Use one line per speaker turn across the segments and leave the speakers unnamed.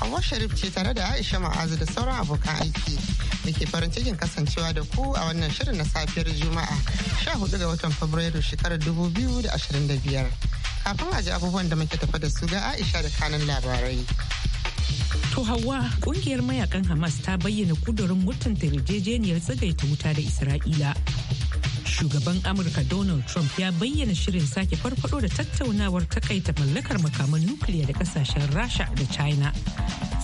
Hauwa Sharif ce tare da Aisha Ma'azu da sauran abokan aiki da ke farin cikin kasancewa da ku a wannan shirin na safiyar Juma'a 14 ga watan Fabrairu shekarar 2025. Kafin a ji abubuwan da muke tafa da su ga Aisha da kanan labarai.
To Hauwa, kungiyar mayakan Hamas ta bayyana kudurin mutunta yarjejeniyar tsagaita wuta da Isra'ila shugaban amurka donald trump ya bayyana shirin sake farfado da tattaunawar takaita mallakar makaman nukiliya da kasashen rasha da china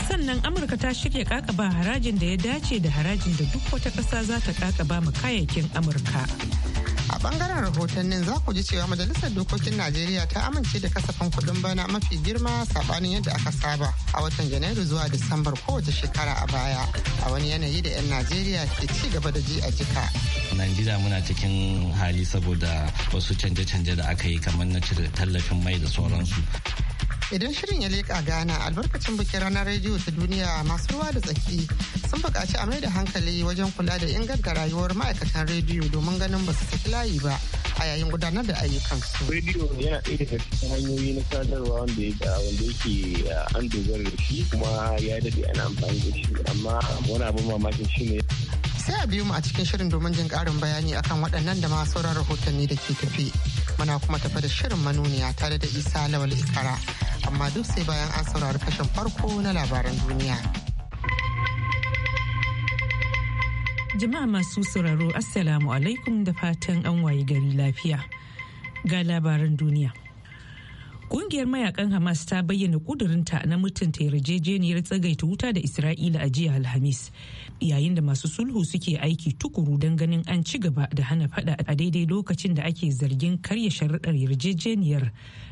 sannan amurka ta shirya kakaba harajin da ya dace da harajin da duk wata kasa za ta kakaba ma kayayyakin amurka
a bangaren rahotannin za ku ji cewa majalisar dokokin najeriya ta amince da kasafin kuɗin bana mafi girma saɓanin yadda aka saba a watan janairu zuwa disambar kowace shekara a baya a wani yanayi da 'yan najeriya ke ci gaba da ji a jika
najeriya muna cikin hali saboda wasu canje-canje da aka yi kamar na cire tallafin mai da sauransu
idan shirin ya leƙa gana albarkacin bikin ranar rediyo ta duniya masu ruwa da tsaki sun buƙaci a mai da hankali wajen kula da inganta rayuwar ma'aikatan rediyo domin ganin ba su saki layi ba a yayin gudanar da ayyukansu.
rediyo yana ɗaya daga cikin hanyoyi na sadarwa wanda ah, yake ah, an dogara da shi kuma ya daɗe ana amfani da shi amma wani abin mamakin shi ne
sai a biyu mu a cikin shirin domin jin ƙarin bayani akan waɗannan da masu sauran rahotanni da ke tafi muna kuma tafi da shirin manuniya tare da isa lawal ikara amma duk sai bayan an saurari kashin farko na labaran duniya.
Jama'a masu sauraro Assalamu alaikum da fatan an wayi gari lafiya. Ga labaran duniya. Kungiyar mayakan Hamas ta bayyana kudurinta na mutunta yarjejeniyar tsagaita wuta da Isra'ila a jiya Alhamis, yayin da masu sulhu suke aiki tukuru don ganin an ci gaba da hana fada a daidai lokacin da ake zargin karya sharaɗar yarjejeniyar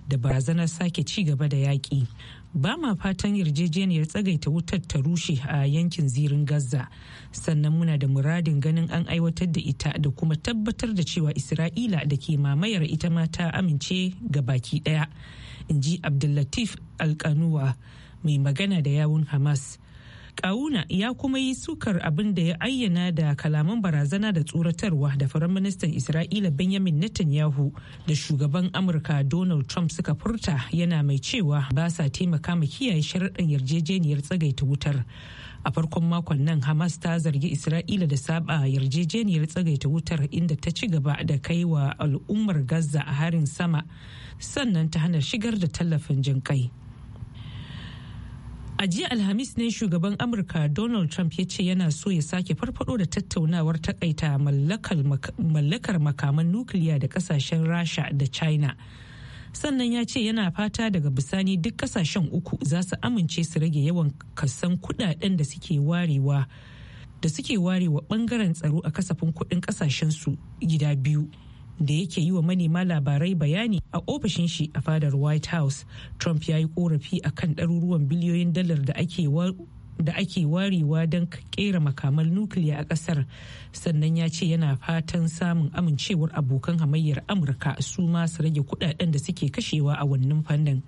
da barazanar sake ci gaba da yaƙi. Ba ma fatan yarjejeniyar tsagaita wutar ta rushe a yankin zirin Gaza, sannan muna da muradin ganin an aiwatar da ita da kuma tabbatar da cewa Isra'ila da ke mamayar ita ma ta amince ga baki ɗaya. in ji abdullatif alkanuwa mai magana da yawun hamas Kawuna ya kuma yi sukar abin da ya ayyana da kalaman barazana da tsoratarwa da ministan Isra'ila Benjamin Netanyahu da shugaban Amurka Donald Trump suka furta yana mai cewa ba sa taimaka ma kiyaye sharaɗin yarjejeniyar tsagaita wutar. A farkon makon nan Hamas ta zargi Isra'ila da saba yarjejeniyar tsagaita wutar inda ta ci gaba da kai wa al'ummar Gaza a harin sama. sannan ta hana shigar da tallafin jin kai. A jiya Alhamis ne shugaban Amurka Donald Trump ya ce yana so ya sake farfado da tattaunawar takaita mallakar makaman nukiliya da kasashen Rasha da China. Sannan ya ce yana fata daga bisani duk kasashen uku za su amince su rage yawan kasan kudaden da suke warewa da suke warewa bangaren tsaro a kasafin kudin kasashen su gida biyu da yake yi wa manema labarai bayani a ofishin shi a fadar white house trump ya yi korafi a kan ɗaruruwan biliyoyin dalar da ake warewa don kera makaman nukiliya a ƙasar, sannan ya ce yana fatan samun amincewar abokan hamayyar amurka su masu su rage kudaden da suke kashewa a wannan fannin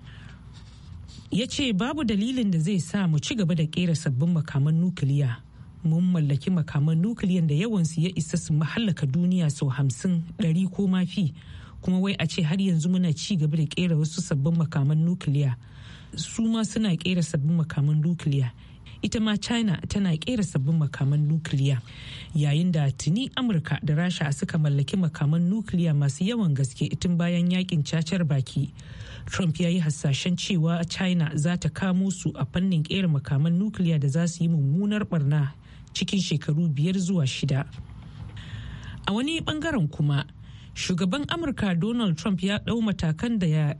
ya ce babu dalilin da zai sa mu ci gaba da kera sabbin makaman nukiliya mun mallaki makaman nukiliyan da yawansu ya isa su mahallaka duniya sau hamsin ɗari ko mafi kuma wai a ce har yanzu muna ci gaba da kera wasu sabbin makaman nukiliya su ma suna kera sabbin makaman nukiliya ita ma china tana kera sabbin makaman nukiliya yayin da tuni amurka da rasha suka mallaki makaman nukiliya masu yawan gaske tun bayan yakin cacar baki trump ya yi hasashen cewa china za ta kamo su a fannin kera makaman nukiliya da za su yi mummunar barna cikin shekaru biyar zuwa shida. A wani bangaren kuma, shugaban Amurka Donald Trump ya ɗau matakan da ya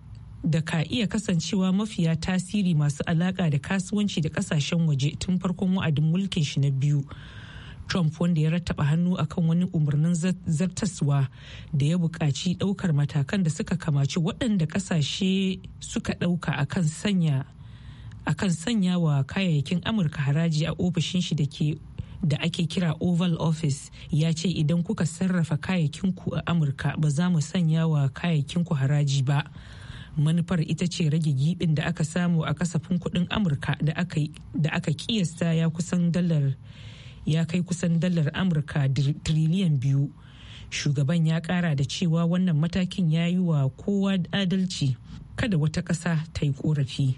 da ka iya kasancewa mafiya tasiri masu alaƙa da kasuwanci da ƙasashen waje tun farkon wa'adin mulkin shi na biyu. Trump wanda ya rattaba hannu akan wani umarnin zartaswa da ya buƙaci ɗaukar matakan da suka kamaci waɗanda ƙasashe suka ɗauka akan sanya akan sanya wa kayayyakin Amurka haraji a ofishin shi da ke da ake kira oval office ya ce idan kuka sarrafa kayakinku a amurka ba za mu sanya wa ku haraji ba manufar ita ce rage gibin da aka samu a kasafin kudin amurka da aka kiyasta ya kusan dalar ya kai kusan dalar amurka triliyan biyu shugaban ya kara da cewa wannan matakin ya yi wa kowa adalci kada wata ƙasa ta yi korafi.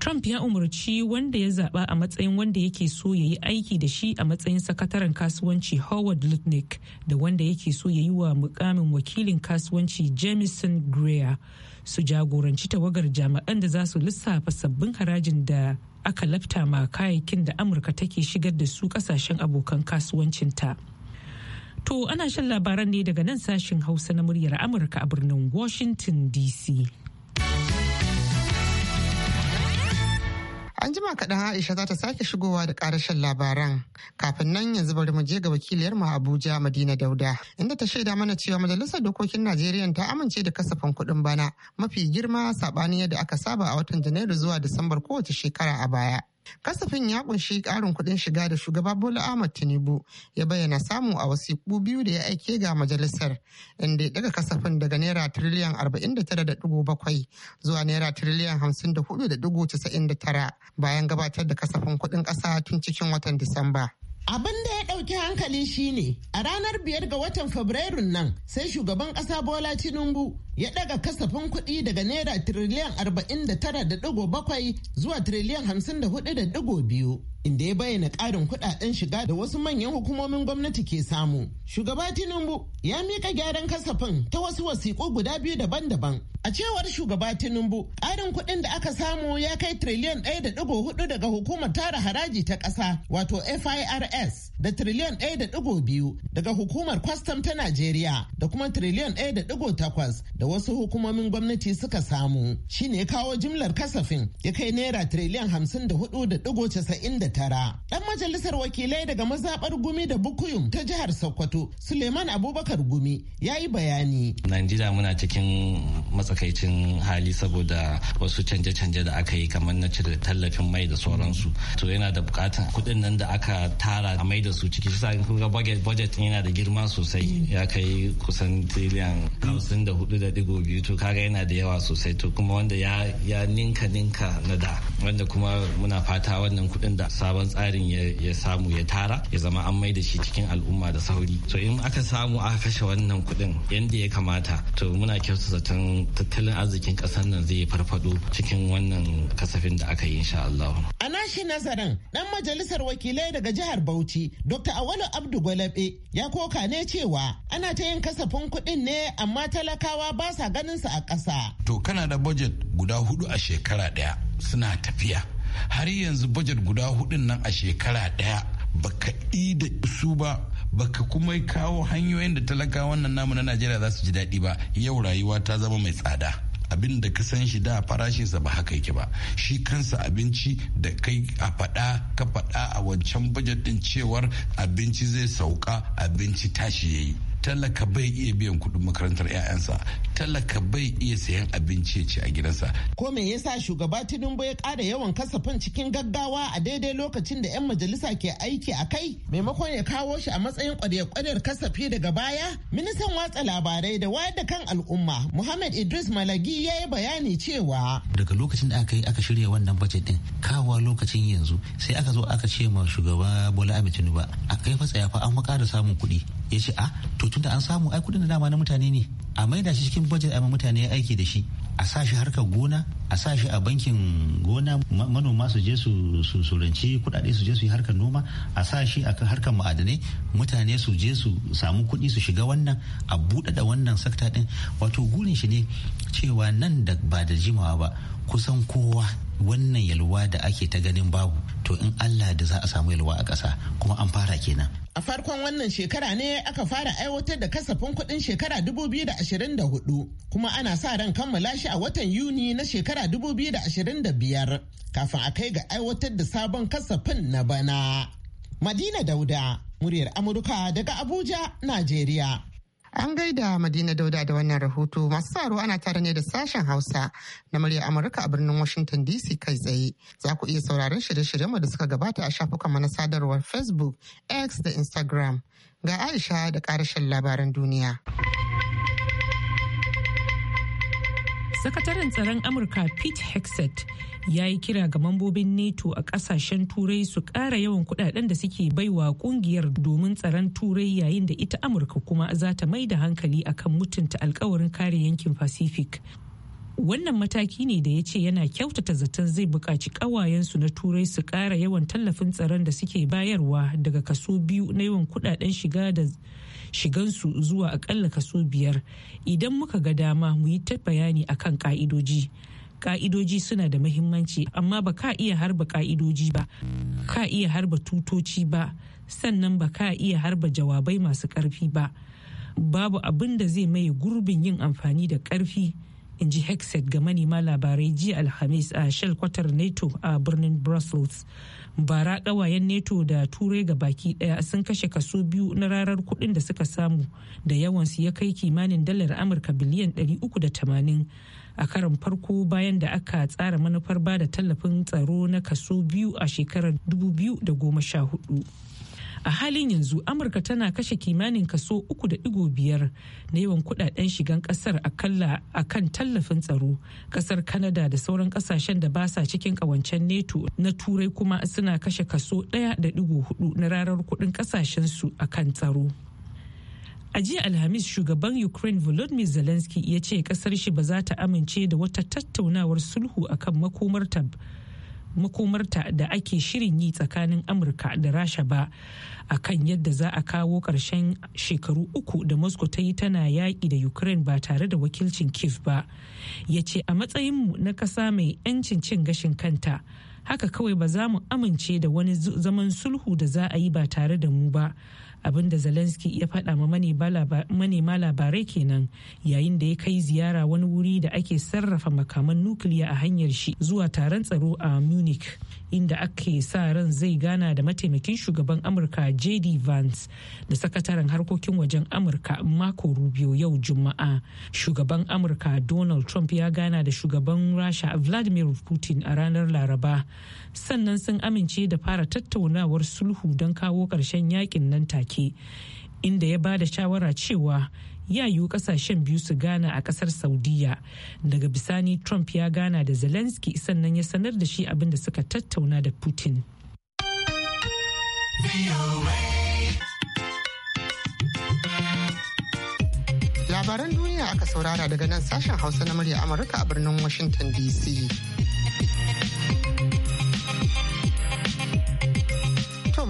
Trump ya umarci wanda ya zaba a matsayin wanda yake so ya yi aiki da shi a matsayin sakataren kasuwanci Howard Lutnick da wanda yake so ya yi wa mukamin wakilin kasuwanci Jamison Greer su jagoranci tawagar jami'an da za su lissafa sabbin harajin da aka lafta ma kayayyakin da Amurka take shigar da su kasashen abokan kasuwancinta. To ana shan labaran ne daga nan sashin Hausa na muryar Amurka a birnin Washington DC. An jima kaɗan Aisha za ta sake shigowa da ƙarashin
labaran. Kafin nan yanzu bari mu je ga wakiliyar mu Abuja Madina Dauda inda ta shaida mana cewa majalisar dokokin Najeriya ta amince da kasafin kuɗin bana mafi girma saɓanin yadda aka saba a watan Janairu zuwa Disambar kowace shekara a baya. Kasafin ya kunshi ƙarin kuɗin shiga da shugaba Bola Ahmad Tinubu ya bayyana samu a wasiƙu biyu da ya aike ga majalisar inda ya daga kasafin daga naira tiriliyan 49.7 zuwa naira tiriliyan 54.99 bayan gabatar da kasafin kuɗin ƙasa tun cikin
watan Disamba. Abin da ya ɗauki hankali shine a ranar biyar ga watan Fabrairun nan sai shugaban ƙasa Bola Tinubu ya ɗaga kasafin kuɗi daga naira tiriliyan 49.7 zuwa tiriliyan 54.2 inda ya bayyana ƙarin kuɗaɗen shiga da wasu manyan hukumomin gwamnati ke samu. Shugaba Tinubu ya mika gyaran kasafin ta wasu wasiƙu guda biyu daban-daban. A cewar shugaba Tinubu, ƙarin kuɗin da aka samu ya kai tiriliyan ɗaya da ɗigo hudu daga hukumar tara haraji ta ƙasa wato FIRS da triliyan ɗaya da ɗigo biyu daga hukumar kwastam ta Najeriya da kuma triliyan ɗaya da ɗigo takwas da wasu hukumomin gwamnati suka samu. Shi ne kawo jimlar kasafin ya kai naira triliyan hamsin da hudu da ɗigo casa'in da tara. Ɗan majalisar wakilai daga mazaɓar Gumi da Bukuyum ta jihar Sokoto, Suleiman Abubakar Gumi ya yi bayani.
Najeriya muna cikin matsakaicin hali saboda wasu canje-canje da aka yi kamar na cire tallafin mai da sauransu. To yana da bukatan kuɗin nan da aka tara a mai da su ciki sa in kuka budget yana da girma sosai ya kai kusan tiliyan hamsin da hudu da digo biyu to kaga yana da yawa sosai to kuma wanda ya ninka ninka na da wanda kuma muna fata wannan kuɗin da sabon tsarin ya samu ya tara ya zama an mai da shi cikin al'umma da sauri to in aka samu aka kashe wannan kuɗin yadda ya kamata to muna kyautu zaton tattalin arzikin ƙasar nan zai farfado cikin wannan kasafin da aka yi insha Allah.
A nashi nazarin dan majalisar wakilai daga jihar Bauchi Dr. Awalu Abdu Gwalabe ya koka ne cewa ana ta yin kasafin kuɗin ne amma talakawa ba sa ganin su a ƙasa.
To kana da budget guda hudu a shekara ɗaya suna tafiya har yanzu budget guda hudun nan a shekara daya baka da su ba baka kuma yi kawo hanyoyin da talaka wannan namu na najeriya za su ji daɗi ba yau rayuwa ta zama mai tsada abin da ka san shi da farashinsa ba haka yake ba shi kansa abinci da kai a faɗa ka faɗa a wancan bajet din cewar abinci zai sauka abinci tashi yayi talaka bai iya biyan kuɗin makarantar 'ya'yansa talaka bai iya sayan abinci ya ci a gidansa.
Ko me yasa shugaba Tinubu ya kara yawan kasafin cikin gaggawa a daidai lokacin da 'yan majalisa ke aiki a kai maimakon ya kawo shi a matsayin ƙwarya-ƙwaryar kasafi daga baya? Ministan watsa labarai da wayar da kan al'umma Muhammad Idris Malagi ya yi bayani cewa.
Daga lokacin da aka yi aka shirya wannan bajet din kawo lokacin yanzu sai aka zo aka ce ma shugaba Bola Ahmed Tinubu a kai fa tsaya fa an samun kuɗi ya ce a ah, to tunda an samu ai kuɗin da dama na mutane ne a maida shi cikin budget amma mutane aiki da shi a sa shi harkar gona a sa shi a bankin gona manoma su je su suranci kudade su je su yi harkar noma a sa shi a harkar ma'adanai mutane su je su samu kudi su shiga wannan a da wannan sakta din wato gurin shi ne cewa nan da ba da jimawa ba kusan kowa wannan yalwa da ake ta ganin babu to in Allah da za a samu yalwa a ƙasa kuma an fara kenan.
A farkon wannan shekara ne aka fara aiwatar da kasafin kuɗin shekara 2024 kuma ana sa ran kammala shi a watan Yuni na shekara 2025 kafin a kai ga aiwatar da sabon kasafin na bana. Madina Dauda, muryar Amurka daga Abuja, Najeriya. An
gaida Madina Dauda da wannan rahoto masu tsaro ana tare ne da sashen Hausa na murya Amurka a birnin Washington DC kai tsaye. Za ku iya sauraron shirye-shiryenmu da suka gabata a shafukan na sadarwar Facebook, X da Instagram. Ga Aisha da karashin labaran duniya.
Sakataren tsaron Amurka Pete Hexet ya yi kira ga mambobin NATO a kasashen turai su ƙara yawan kudaden da suke baiwa kungiyar domin tsaron turai yayin da ita Amurka kuma za ta mai da hankali akan mutunta alkawarin kare yankin Pacific. Wannan mataki ne da ya ce yana kyautata zaton zai buƙaci ƙawayensu na turai su ƙara yawan tallafin tsaron da suke bayarwa daga kaso biyu na yawan kudaden shiga da shigansu zuwa aƙalla kaso biyar idan muka ga dama mu yi ta bayani akan ƙa'idoji ka'idoji. ka'idoji suna da mahimmanci amma ba ka iya harba ka'idoji ba ka iya harba tutoci ba sannan ba ka iya harba jawabai masu karfi ba babu abin da zai maye gurbin yin amfani da karfi in ji hexet ga manema labarai jiya alhamis a shell kwatar nato a birnin brussels bara kawayen nato da turai ga baki daya sun kashe kaso biyu na rarar kudin da suka samu da yawansu ya kai kimanin dalar amurka biliyan 380 a karan farko bayan da aka tsara manufar ba da tallafin tsaro na kaso biyu a shekarar 2014 a halin yanzu amurka tana kashe kimanin kaso 3.5 na yawan kudaden shigan kasar a kan tallafin tsaro kasar kanada da sauran kasashen da ba sa cikin kawancen neto na turai kuma suna kashe kaso 1.4 na rarar kudin kasashensu a kan tsaro A jiya Alhamis shugaban Ukraine Volodymyr Zelensky ya ce kasar shi ba za ta amince da wata tattaunawar sulhu akan makomarta makomarta da ake shirin yi tsakanin Amurka da Rasha ba akan yadda za a kawo ƙarshen shekaru uku da Moscow ta yi tana yaƙi da Ukraine ba tare da wakilcin Kiev ba. Ya ce a matsayinmu na ƙasa mai 'yancin cin gashin kanta. haka kawai ba za mu amince da wani zaman sulhu da za a yi ba tare da mu ba abin da zelensky ya faɗa ma manema labarai kenan yayin da ya kai ziyara wani wuri da ake sarrafa makaman nukiliya a hanyar shi zuwa taron tsaro a munich inda ake sa ran zai gana da mataimakin shugaban amurka jd vance da sakataren harkokin wajen amurka mako rubio yau juma'a shugaban amurka donald trump ya gana da shugaban rasha vladimir putin a ranar laraba sannan sun amince da fara tattaunawar sulhu don kawo ƙarshen yakin nan take inda ya ba da shawara cewa ya yiwu kasashen biyu su gana a kasar saudiya daga bisani trump ya gana da zelensky sannan ya sanar da shi abin da suka tattauna da putin
labaran duniya aka saurara daga nan sashen hausa na murya amurka a birnin washington dc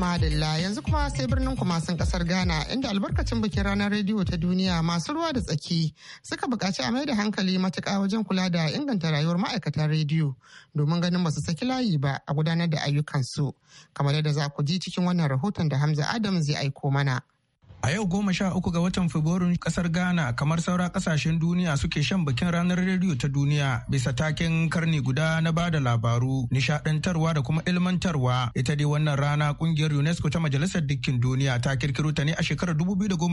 madalla yanzu kuma sai birnin kumasin kasar Ghana inda albarkacin bikin ranar rediyo ta duniya masu ruwa da tsaki suka buƙaci a mai da hankali matuƙa wajen kula da inganta rayuwar ma'aikatan rediyo domin ganin ba su saki layi ba a gudanar da ayyukansu kamar yadda za ku ji cikin wannan rahoton da Hamza Adam zai aiko mana.
A yau goma sha uku ga watan Fabrairun kasar Ghana kamar saura kasashen duniya suke shan bikin ranar rediyo ta duniya bisa taken karni guda na bada labaru, nishadantarwa da kuma ilmantarwa. Ita dai wannan rana kungiyar UNESCO ta Majalisar Dukkin Duniya ta kirkiro ta ne a shekarar da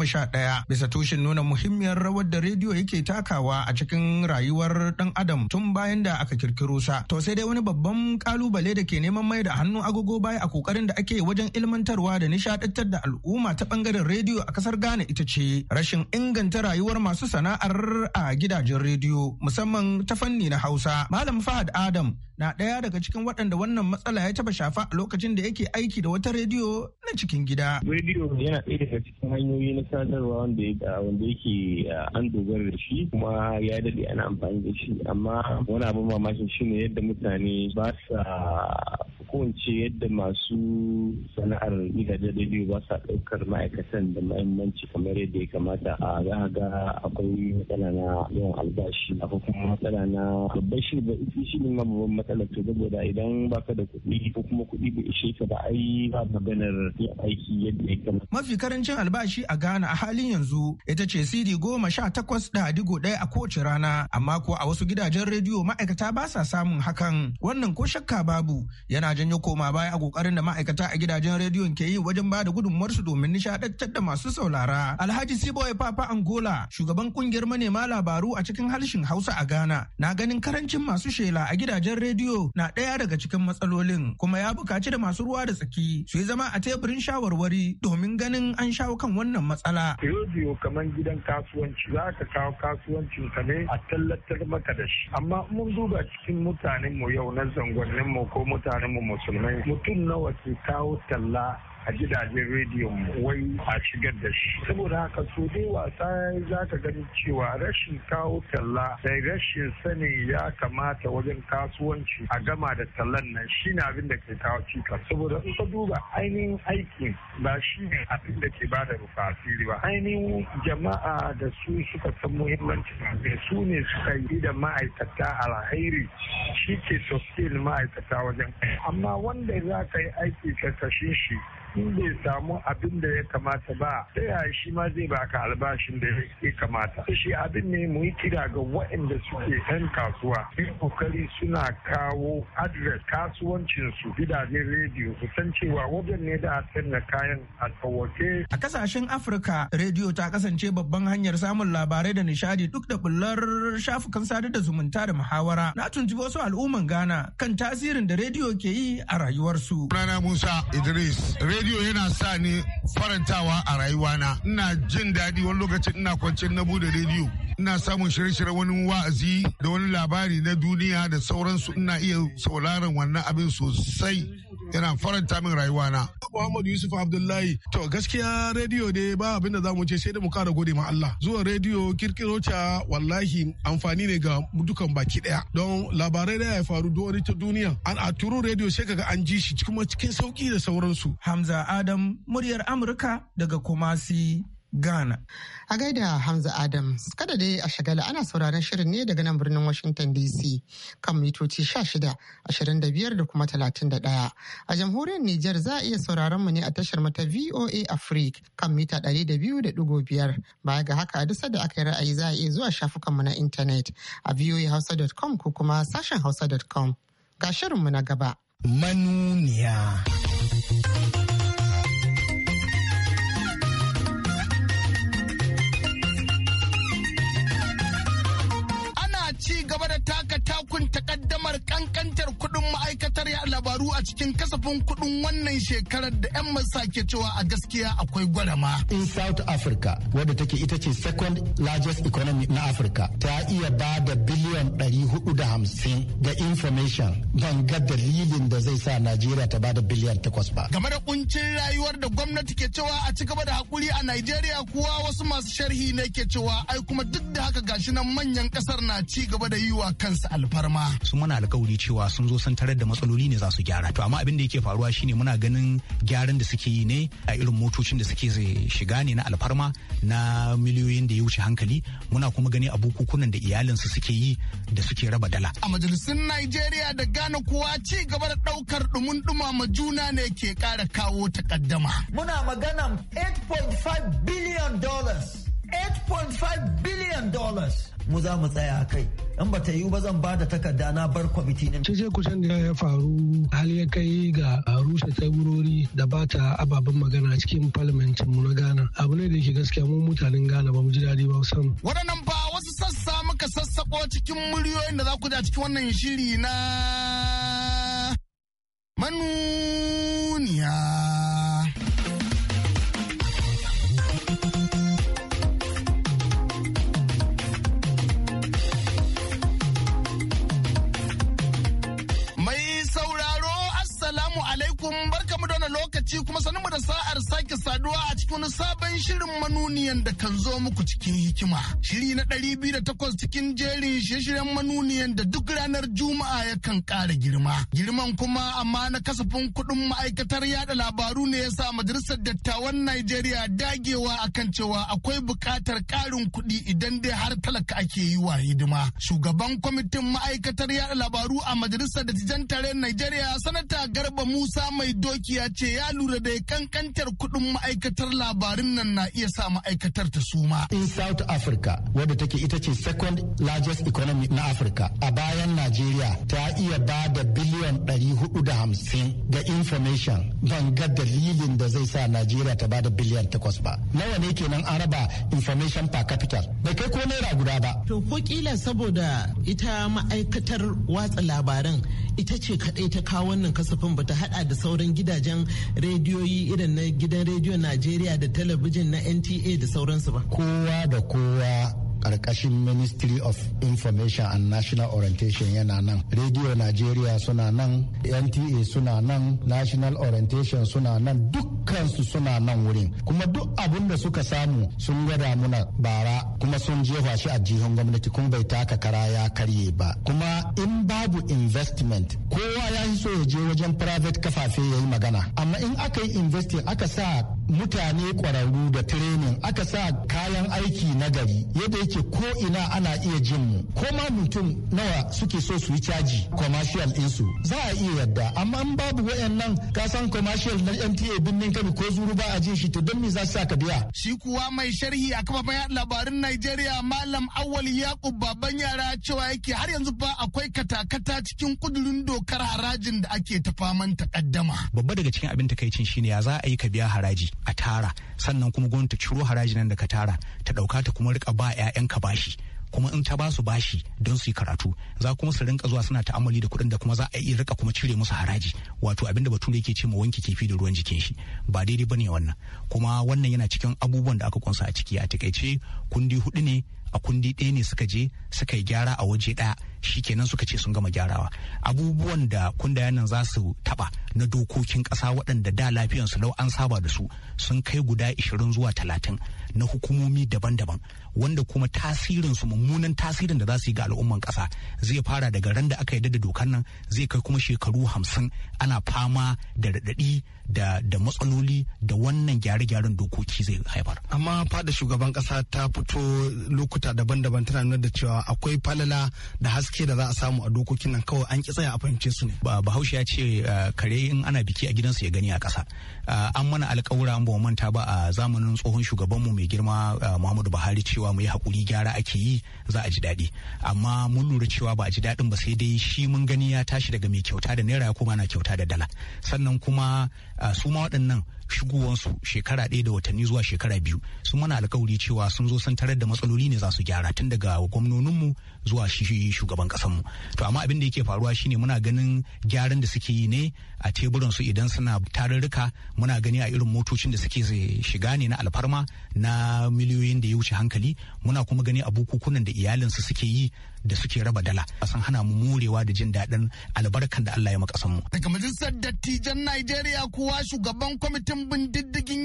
sha 2011 bisa tushen nuna muhimmiyar rawar da rediyo yake takawa a cikin rayuwar dan adam tun bayan da aka kirkiro sa. To sai dai wani babban kalubale da ke neman mai da hannu agogo baya a kokarin da ake wajen ilmantarwa da nishadantar da al'umma ta bangaren rediyo rediyo a kasar Ghana ita ce rashin inganta rayuwar masu sana'ar a gidajen rediyo musamman ta fanni na Hausa. Malam Fahad Adam na ɗaya daga cikin waɗanda wannan matsala ya taɓa shafa a lokacin da yake aiki da wata rediyo
na cikin gida.
Rediyo yana ɗaya daga cikin hanyoyi na sadarwa wanda yake an dogara da shi kuma ya daɗe ana amfani da shi amma wani abin mamakin ne yadda mutane ba sa ko yadda masu sana'ar gidajen rediyo ba sa ɗaukar ma'aikatan da mahimmanci kamar yadda ya kamata a za ga akwai matsala na yawan albashi ko kuma matsala na babban shi da ita shi ne
babban matsala to saboda idan baka da kuɗi ko kuma kuɗi bai ishe ka ba ai ba maganar yin aiki yadda ya kamata. Mafi karancin albashi a Ghana a halin yanzu ita ce CD goma sha takwas da digo ɗaya a kowace rana amma ko a wasu gidajen rediyo ma'aikata ba sa samun hakan wannan ko shakka babu yana janyo koma baya a kokarin da ma'aikata a gidajen rediyon ke yi wajen ba da gudunmuwarsu domin nishadantar da masu saurara. Alhaji Siboye Papa Angola, shugaban kungiyar manema labaru a cikin harshen Hausa a Ghana, na ganin karancin masu shela a gidajen rediyo na ɗaya daga cikin matsalolin, kuma ya buƙaci da masu ruwa da tsaki su yi zama a teburin shawarwari domin ganin an shawo kan wannan matsala.
Rediyo kamar gidan kasuwanci
za ka kawo kasuwancin ka ne a tallatar maka da shi. Amma mun duba cikin mutanenmu yau na zangonnin mu ko mutanen mu musulmai mutum nawa ke kawo talla a gidajen rediyon wai a shigar da shi saboda haka so dai wasa za ka gani cewa rashin kawo talla da rashin sani ya kamata wajen kasuwanci a gama da tallan nan shi ne abin da ke kawo cikas saboda in ka duba ainihin aiki ba shi ne abin da ke ba da rufa asiri ba ainihin jama'a da su suka san muhimmanci da su ne suka yi da ma'aikata alhairi shi ke sustain ma'aikata wajen amma wanda za ka yi aiki ka kashe shi in bai samu abin da ya kamata ba ta yaya shi ma zai baka albashin da ya kamata shi abin ne mu yi kira ga waɗanda suke yan kasuwa yi kokari suna kawo adres kasuwancinsu gidajen rediyo kusan cewa wajen ne da a
na kayan a
tsawoke. a kasashen afirka rediyo ta kasance babban hanyar samun labarai da nishadi duk da bullar shafukan sadar da zumunta da muhawara na tuntubi wasu al'umman ghana kan tasirin da rediyo ke yi a rayuwarsu. Musa Idris, rediyo rediyo
yana sa ni farantawa a rayuwana ina jin daɗi wani lokacin ina kwanciyar na bude rediyo ina samun shirye-shirye wani wa'azi da wani labari na duniya da sauransu
ina iya sauraron wannan abin sosai yana faranta min rayuwana. Muhammadu Yusuf Abdullahi to gaskiya rediyo ne ba abin da zamu ce sai da mu kara gode ma Allah. Zuwa rediyo kirkiro ta wallahi amfani ne ga dukan baki daya don labarai da ya faru ta duniya an a turo rediyo sai kaga an ji shi kuma cikin sauki da sauransu. Hamza Hamza Adam muryar Amurka daga Kumasi. Ghana.
A gaida Hamza Adam, kada dai a shagala ana sauraron shirin ne daga nan birnin Washington DC kan mitoci 16, 25 da kuma 31. A jamhuriyar Nijar za a iya sauraron mu ne a tashar mata VOA Africa kan mita 200.5. Baya ga haka a duk da aka yi ra'ayi za a iya zuwa shafukan mu na intanet a voahausa.com ko kuma sashen hausa.com. Ga shirinmu na gaba. Manuniya.
What a taka takun takaddamar kankantar kudin ma'aikatar ya labaru a cikin kasafin kudin wannan shekarar da 'yan masa ke cewa a gaskiya akwai gwarama.
In South Africa wadda take ita ce second largest economy na Africa ta iya ba da biliyan 450 ga information ban ga dalilin da zai sa Najeriya ta ba da biliyan 8 ba.
Game da kuncin rayuwar da gwamnati ke cewa a ci gaba da hakuri a Najeriya kuwa wasu masu sharhi ne ke cewa ai kuma duk da haka gashi nan manyan kasar na ci gaba da yi wa kansa masu alfarma
su muna alkawari cewa sun zo sun tarar da matsaloli ne za su gyara to amma abin da yake faruwa shine muna ganin gyaran da suke yi ne a irin motocin da suke shiga ne na alfarma na miliyoyin da ya wuce hankali muna kuma gani a bukukunan da iyalinsu suke yi da suke raba dala
a majalisun Najeriya da Ghana kuwa ci gaba da daukar dumun dumama juna ne ke kara kawo takaddama
muna maganan 8.5 billion dollars 8.5 billion dollars mu za mu tsaya kai in ba ta yiwu ba zan ba da takarda na bar kwamiti din.
Cece kusan da ya faru hal ya kai ga rushe taburori da ba ta ababen magana cikin parliamentin mu na Ghana. Abu ne da yake gaskiya mu mutanen Ghana ba mu ji daɗi ba sam.
Waɗannan ba wasu sassa muka sassako cikin muryoyin da za ku da cikin wannan shiri na shirin manuniyan da kan zo muku cikin hikima. Shiri na ɗari biyu da takwas cikin jerin shirye-shiryen manuniyan da duk ranar Juma'a ya kan ƙara girma. Girman kuma amma na kasafin kuɗin ma'aikatar yada labaru ne ya sa majalisar dattawan Najeriya dagewa akan cewa akwai buƙatar ƙarin kuɗi idan dai har talaka ake yi wa hidima. Shugaban kwamitin ma'aikatar yada labaru a majalisar dattijan tare Najeriya sanata Garba Musa mai doki ya ce ya lura da kankantar kuɗin ma'aikatar labarin nan na iya sa ma'aikatar ta suma.
In South Africa wadda take ita ce second largest economy na Africa a bayan Nigeria ta iya ba da biliyan 450 ga information ban ga dalilin da zai sa Nigeria ta ba da biliyan 8 ba. Nawa ne kenan an raba information per capita bai kai ko naira guda ba.
To ko kila saboda ita ma'aikatar watsa labaran ita ce kadai ta kawo wannan kasafin ba ta haɗa da sauran gidajen rediyoyi irin na gidan rediyon Nigeria da talabijin na NTA E da sauransu ba
kowa da kowa karkashin ministry of information and national orientation yana nan radio nigeria suna nan nta suna nan national orientation suna nan dukkansu suna nan wurin kuma duk abin da suka samu sun gwada muna bara kuma sun jefa shi a jihun gwamnati kun bai taka kara ya karye ba kuma in babu investment kowa ya yi so ya je wajen private kafafe ya yi magana amma in aka yi investing aka sa mutane kwararru da training aka sa kayan aiki na gari yadda yake ko ina ana iya jin mu ko ma mutum nawa suke so su yi caji commercial ɗinsu za a iya yadda amma an babu wayannan ka san commercial na MTA birnin kabi ko zuru ba a jin shi to don me za su saka biya
shi kuwa mai sharhi a kafafen labarin Najeriya malam Awwal yaqub baban yara cewa yake har yanzu ba akwai katakata cikin kudurin dokar harajin da ake ta faman takaddama
babba daga cikin abin takaicin shine ya za a yi ka biya haraji a tara sannan kuma gwamnati ciro haraji nan da ka tara ta dauka ta kuma rika ba 'ya'ya 'ya'yanka bashi kuma in ta ba su bashi don su yi karatu za kuma su rinka zuwa suna ta'amali da kuɗin da kuma za a iya rika kuma cire musu haraji wato abin da bature yake ce ma wanke kifi da ruwan jikin shi ba daidai bane wannan kuma wannan yana cikin abubuwan da aka kunsa a ciki a takaice kundi hudu ne a kundi ɗaya ne suka je suka yi gyara a waje ɗaya shi kenan suka ce sun gama gyarawa abubuwan da kundayen nan za su taɓa na dokokin ƙasa waɗanda da lafiyansu lau an saba da su sun kai guda 20 zuwa 30 na hukumomi daban-daban wanda kuma tasirin su mummunan tasirin da za su yi ga al'umman ƙasa zai fara daga ran da aka yi da dokar nan zai kai kuma shekaru 50 ana fama da raɗaɗi da da matsaloli da wannan gyare-gyaren dokoki zai haifar
amma fada shugaban ƙasa ta fito lokuta lokuta daban-daban tana nuna da cewa akwai falala da haske da za a samu a dokokin nan kawai an ki tsaya
a fahimce su ne. Bahaushe ya ce eh, kare in ana biki a gidansu ya gani a ƙasa. Eh, an mana alƙawura an ba manta ba a zamanin tsohon shugabanmu mai girma eh, Muhammadu Buhari cewa mu yi haƙuri gyara ake yi za a ji daɗi. Amma mun lura cewa ba a ji daɗin ba sai dai shi mun gani ya tashi daga mai kyauta da naira ya koma na kyauta da dala. Sannan kuma su ma waɗannan shigowansu shekara ɗaya da watanni zuwa shekara biyu sun mana alkawari cewa sun zo sun tarar da matsaloli ne za su gyara tun daga gwamnoninmu zuwa shi shugaban kasanmu to amma abin da yake faruwa shine muna ganin gyaran da suke yi ne a teburan su idan suna tarurruka muna gani a irin motocin da suke shiga ne na alfarma na miliyoyin da ya wuce hankali muna kuma gani a bukukunan da iyalinsu suke yi da suke raba dala san hana mu murewa da jin daɗin albarkan da Allah ya makasan mu
daga majalisar dattijan Najeriya kuwa shugaban kwamitin bin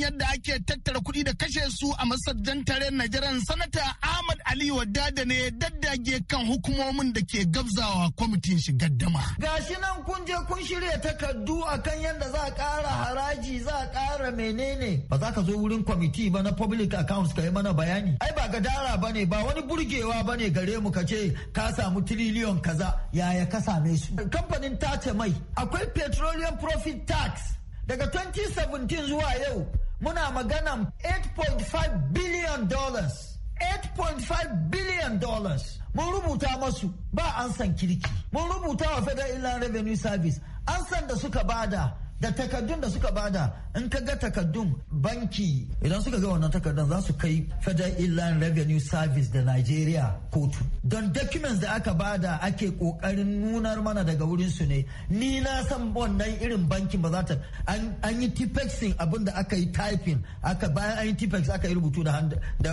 yadda ake tattara kuɗi da kashe su a masajjan tare Najeriya sanata Ahmad Ali Wadada ne daddage kan hukumomin da ke gabzawa kwamitin shigar dama
gashi nan kun je kun shirya takardu akan yadda za a ƙara haraji za a ƙara menene ba za ka zo wurin kwamiti ba na public accounts ka yi mana bayani ai ba gadara bane ba wani burgewa bane gare mu ka ce ka samu tiriliyon kaza yaya ka same su kamfanin tace mai akwai petroleum profit tax daga 2017 zuwa yau muna maganan 8.5 billion dollars 8.5 billion dollars mun rubuta masu ba an san kirki mun rubuta wa federal inland revenue service an san da suka bada da takardun da suka bada in ka ga takardun banki idan suka ga wannan takardun za su kai federal inland revenue service da nigeria kotu don documents da aka bada ake kokarin nunar mana daga wurin su ne ni na san wannan irin bankin ba za ta an yi tipexing abin da aka yi typing aka bayan an yi tipex aka yi rubutu da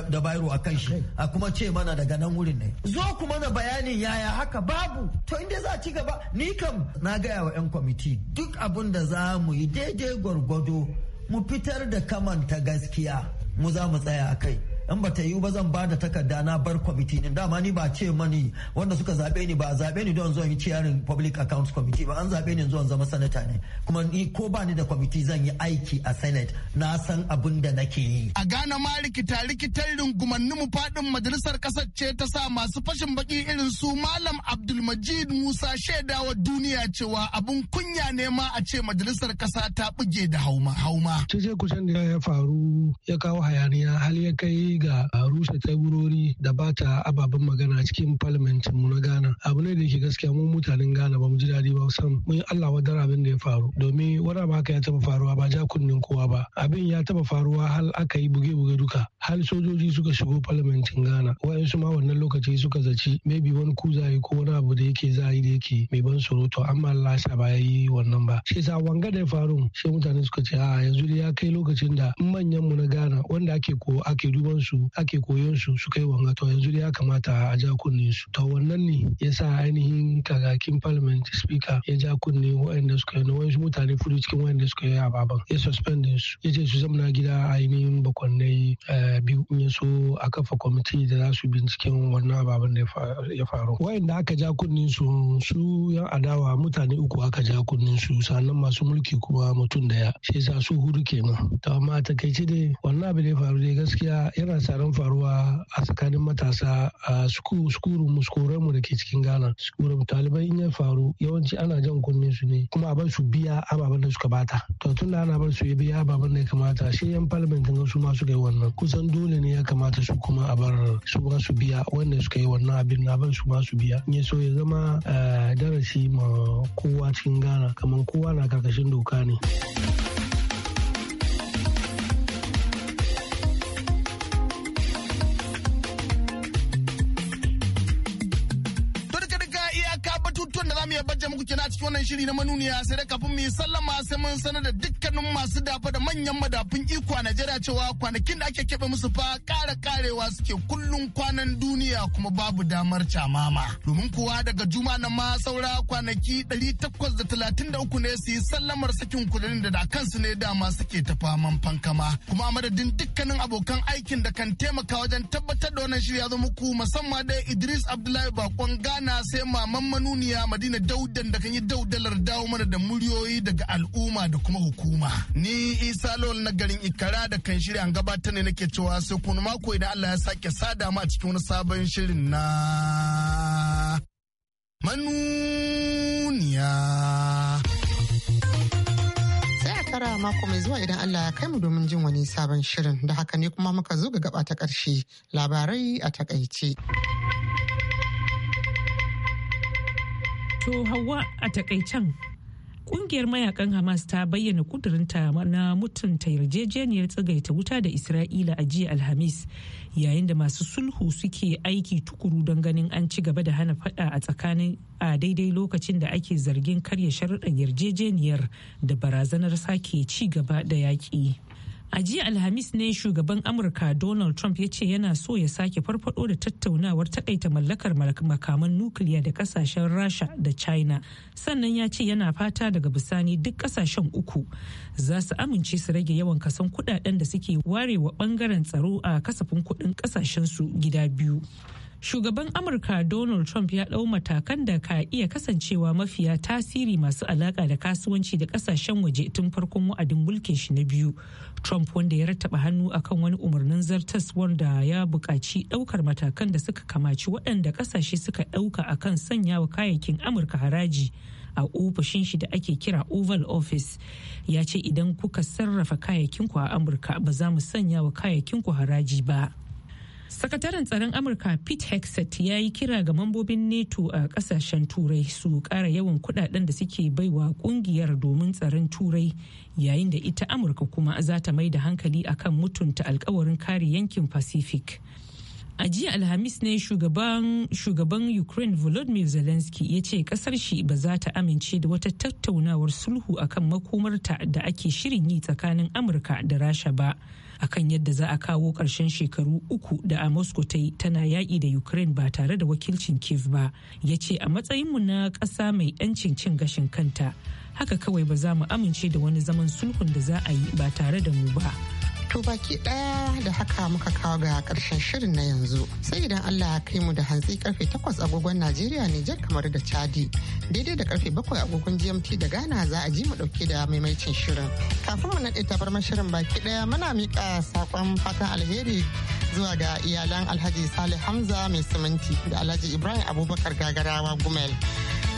da bayro a kan shi a kuma ce mana daga nan wurin ne zo kuma na bayanin yaya haka babu to inda za ci gaba ni kam na gaya wa yan kwamiti duk abin da za mu yi daidai gwargwado mu fitar da kamanta gaskiya mu za mu tsaya a kai in ba ta yiwu ba zan ba da takarda na bar kwamiti ne dama ni ba ce mani wanda suka zaɓe ni ba zaɓe ni don zuwan yi ciyarin public accounts committee ba an zaɓe ni zuwan zama sanata ne kuma ni ko ba ni da kwamiti zan yi aiki a senate na san abin da nake yi.
a gana ma rikita rikitar rungumannin mu faɗin majalisar kasar ce ta sa masu fashin baki irin su malam abdulmajid musa shaidawa duniya cewa abun kunya ne ma a ce majalisar ƙasa ta buge da hauma
hauma. ce kusan da ya faru ya kawo hayaniya hal ya kai Ga ga rushe taburori da ba ta ababen magana cikin parliamentin mu na Ghana. Abu ne da yake gaskiya mu mutanen Ghana ba mu ji daɗi ba San mun Allah wadar abin da ya faru domin wani abu haka ya taba faruwa ba ja kunnin kowa ba. Abin ya taba faruwa hal aka yi buge-buge duka hal sojoji suka shigo parliamentin Ghana wa'yansu ma wannan lokaci suka zaci maybe wani kuzaye ko wani abu da yake za yi da yake mai ban surutu amma Allah sa ba ya yi wannan ba. Shi sa wanga da ya faru sai mutane suka ce a yanzu ya kai lokacin da manyan mu na Ghana wanda ake ko ake duban su ake koyon su su kai wanga to yanzu dai ya kamata a ja kunne su to wannan ne yasa ainihin kakakin parliament speaker ya ja kunne da suka yi wasu mutane fudu cikin da suka yi ababan ya suspend su ya ce su zamana gida ainihin bakwannai eh, biyu ya so a kafa kwamiti da za su binciken wannan ababen da ya faru waɗanda aka ja kunni su su yan adawa mutane uku aka ja kunni su sannan masu mulki kuma mutum daya shi yasa su hudu kenan to amma a takaice dai wannan abu da ya faru dai gaskiya yana tsaron faruwa a tsakanin matasa a sukurin mu da ke cikin ghana sukurin taliban in ya faru yawanci ana jan kunne su ne kuma a bar su biya ababen da suka bata to tun da ana bar su ya biya ababen da ya kamata shi yan parliament ga su ma suka yi wannan kusan dole ne ya kamata su kuma a bar su ma su biya wanda suka yi wannan abin na bar su ma su biya ya so ya zama eh, darasi ma kowa cikin ghana kamar kowa na karkashin doka ne.
kenan a cikin wannan shiri na manuniya sai da kafin mu yi sallama sai mun sanar da dukkanin masu dafa da manyan madafin iko a Najeriya cewa kwanakin da ake keɓe musu fa ƙara ƙarewa suke kullun kwanan duniya kuma babu damar camama. Domin kuwa daga juma na ma saura kwanaki 833 ne su yi sallamar sakin kudin da da kansu ne dama suke ta faman fankama. Kuma a madadin dukkanin abokan aikin da kan taimaka wajen tabbatar da wannan ya zo muku musamman da Idris Abdullahi Bakon gana sai maman manuniya Madina Daudan da da kan yi daudalar dawo mana da muryoyi daga al'umma da kuma hukuma. Ni Isa Lol na garin Ikara da kan shirya an gabatar ne nake cewa sai kun mako idan Allah ya sake sada mu a cikin wani sabon shirin na manuniya.
Sai a kara mako mai zuwa idan Allah ya kai mu domin jin wani sabon shirin da haka ne kuma muka zo ga gaba ta ƙarshe labarai a takaice.
To Hauwa a takaicen kungiyar mayakan Hamas ta bayyana kudurinta na mutunta yarjejeniyar tsagaita wuta da Isra'ila a jiya Alhamis yayin da masu sulhu suke aiki tukuru don ganin an ci gaba da hana fada a tsakanin a daidai lokacin da ake zargin karya sharuɗan yarjejeniyar da barazanar sake ci gaba da yaƙi. A jiya Alhamis ne shugaban Amurka Donald Trump ya ce yana so ya sake farfado da tattaunawar takaita mallakar makaman nukiliya da kasashen Rasha da China. Sannan ya ce yana fata daga bisani duk kasashen uku za su amince su rage yawan kasan kudaden da suke warewa bangaren tsaro a kasafin kudin kasashen su gida biyu. shugaban amurka donald trump ya ɗau matakan da ka iya kasancewa mafiya tasiri masu alaƙa da kasuwanci da ƙasashen waje tun farkon wa'adin mulkin shi na biyu trump wanda ya rattaba hannu akan wani umarnin zartas wanda ya buƙaci ɗaukar matakan da suka kamaci waɗanda ƙasashe suka ɗauka akan sanya wa kayayyakin amurka haraji a ofishin shi da ake kira oval office ya ce idan kuka sarrafa kayayyakinku a amurka ba za mu sanya wa ku haraji ba sakataren tsaron amurka pete hexet ya yi kira ga mambobin nato a kasashen turai su kara yawan kudaden da suke baiwa kungiyar domin tsaron turai yayin da ita amurka kuma za ta mai da hankali akan mutunta alkawarin kare yankin pacific a jiya alhamis ne shugaban ukraine volodymyr zelensky ya ce kasar shi ba za ta amince da wata tattaunawar sulhu akan makomarta da ake shirin yi tsakanin amurka da rasha ba. akan yadda za a kawo ƙarshen shekaru uku da a moscow ta yi tana yaƙi da ukraine ba tare da wakilcin kiev ba ya ce a matsayinmu na ƙasa mai 'yancin cin gashin kanta haka kawai ba za mu amince da wani zaman sulhun da za a yi ba tare da mu ba. To baki ɗaya da haka muka kawo ga ƙarshen shirin na yanzu. Sai idan Allah
ya kai mu da hantsi karfe 8 agogon Najeriya Nijar kamar da Chadi. Daidai da karfe 7 agogon GMT da Ghana za a ji mu ɗauke da maimaicin shirin. Kafin mu naɗe tabarmar shirin baki ɗaya muna miƙa saƙon fatan alheri zuwa ga iyalan Alhaji Salih Hamza mai siminti da Alhaji Ibrahim Abubakar Gagarawa Gumel.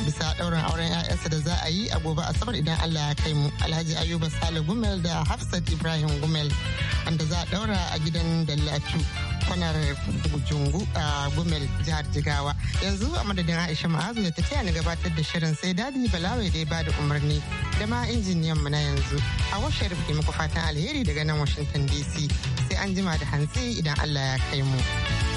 bisa ɗaurin auren 'ya'yansa da za a yi a gobe asabar idan Allah ya kai mu alhaji ayuba sale gumel da hafsat ibrahim gumel wanda za a ɗaura a gidan dallatu kwanar jungu a gumel jihar jigawa yanzu a madadin aisha ma'azu da ta taya ni gabatar da shirin sai dadi balawai da ya ba da umarni da ma injiniyan mu na yanzu a washe rufe muku fatan alheri daga nan washington dc sai an jima da hantsi idan allah ya kai mu.